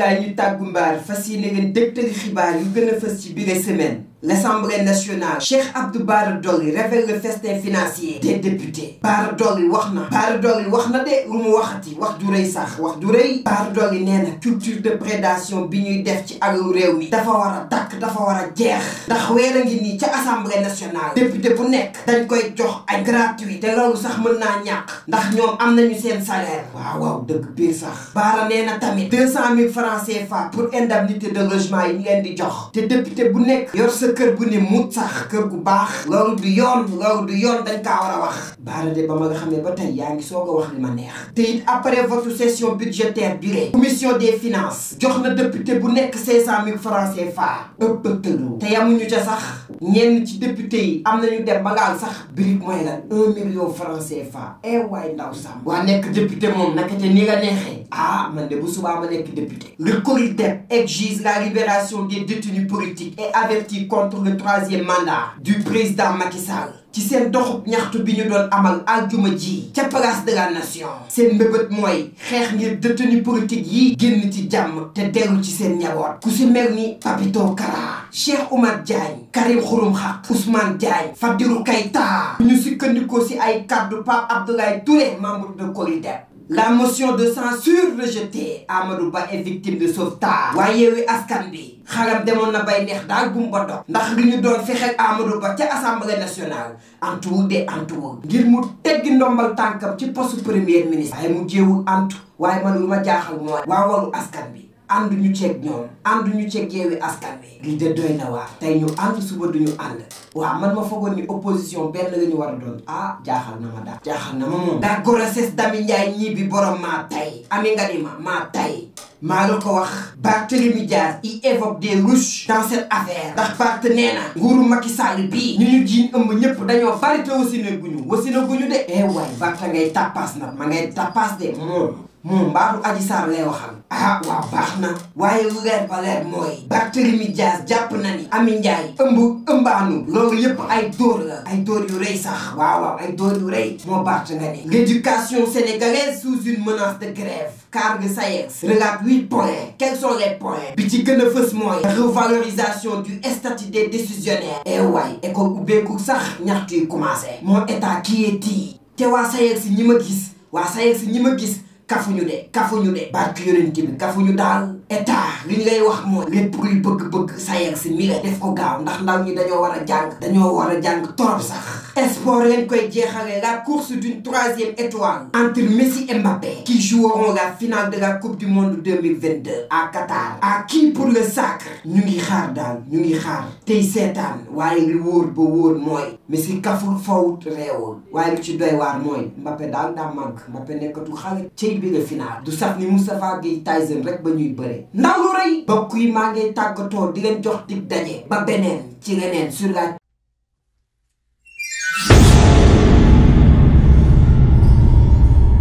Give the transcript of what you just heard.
laay ñu tàggu mbaar fas yéene leen dégtali xibaar yu gën a fës ci biir semaine. l'Assemblée nationale Cheikh Abdou Bara Dolly révèle le festin financier des députés Bara Dolly wax na Bara Dolly wax na de lu mu waxati wax du rëy sax wax du rëy Bara Dolly nee na culture de prédation bi ñuy def ci alalu réew mi dafa war a dakk dafa war a jeex ndax weer a ngi nii ca Assemblée nationale député bu nekk dañ koy jox ay gratuit te loolu sax mën naa ñàkk ndax ñoo am nañu seen salaire waaw waaw dëgg biir sax Bara nee na tamit deux cent mille francs CFA pour indemnité de yi ñu di jox te député kër gu ne mut sax kër gu baax loolu du yoon loolu du yoon dañ kaa war a wax baara ba ma nga xam ne ba tey yaa ngi soog a wax li ma neex te it après votre session budgétaire bi commission des finances jox na député bu nekk cinq cent mille francs CFA ëppëtëlu te yamuñu ca sax ñenn ci député yi am nañu dem ba ngaal sax birig mooy lan un million francs CFA e eh waay ndaw sàmm waa nekk député moom naka te ni nga neexee ah man de bu subaa ma nekk député le Coritep exige la libération contre le troisième mandat du président Macky Sall ci seen doxub ñaxtu bi ñu doon amal aljuma ji ca place de la nation seen mbébét mooy xeex ngir détenu politique yi génn ci jàmm te dellu ci seen njaboot ku si mel ni Papito Kara Cheikh Oumar Diagne Karim Xurum Xaq Ousmane Diagne Fadilou Keïta ñu sukkandikoo si ay kàddu Pape Abdoulaye Touré membre de Corridor la motion de censure rejetée Amadou Ba est victime de sauvetage waaye Yewwi Askan bi xalam demoon na bay neex daal gum ba dox ndax li ñu doon fexeel Amadou Ba ca national nationale antuwul de antuwul ngir mu teggi ndombal tànkam ci post premier ministre waaye mu jéewul antu waaye man lu ma jaaxal mooy waawalu askan bi ànduñu ceeg ñoom ànduñu ceeg yeewi askan wi li de doy na waa tey ñu ànd suba duñu ànd waaw man ma foogoon ni opposition benn la ñu war a doon ah jaaxal na ma daal jaaxal na ma moom ndax grossesse Damy Ndiaye ñii bi borom maa tay ami nga ni ma maa tay maa la ko wax Barthélémy Dias il évoque des louches dans cette affaire ndax Barth nee na nguuru Macky Sall bii ñu ñu jiiñ ëmb ñëpp dañoo bari te wasina guñu wasina guñu de eh waay Barth ngay tappaas nag ma ngay tappaas de moom moom mbaaru Adji Sarr lay waxal ah waaw baax na waaye leer ba leer mooy Barthélemy Dias jàpp na ni Ami Ndiaye ëmb ëmbaanu loolu yëpp ay dóor la ay dóor yu rëy sax waaw waaw ay dóor yu rëy moo Barth nga ne l'éducation sénégalaise sous une menace de grève car de SAES relate huit points quels sont les points bi ci gën a fës mooy revalorisation du statut des décisionnaires et eh waay école ubbeeku sax ñaxtu yi commencé moo état kii yee tii te waa SAES ñi ma gis waa SAES si ñi ma gis kafuñu de kafuñu de barke yonent bi kafuñu daal état li ñu lay wax mooy lépp luy bëgg-bëgg sayer si mi la def ko gaaw ndax ndaw ñi dañoo war a jàng dañoo war a jàng torop sax sport leen koy jeexale la course d'une troisième étoile entre Messi et Mbappé qui joueront la finale de la coupe du monde 2022 à Qatar à qui pour le sacre ñu ngi xaar daal ñu ngi xaar tey seetaan waaye li wóor ba wóor mooy Messi kaful fawut reewul waaye lu ci doy waar mooy Mbappé daal daa màgg Mbappé nekkatu xale cey bi nga final du saf ni Moustapha Gueye Tyson rek ba ñuy bëre ndaw lu rëy bokk yi maa ngi tàggatoo di leen jox dig daje ba beneen ci leneen sur la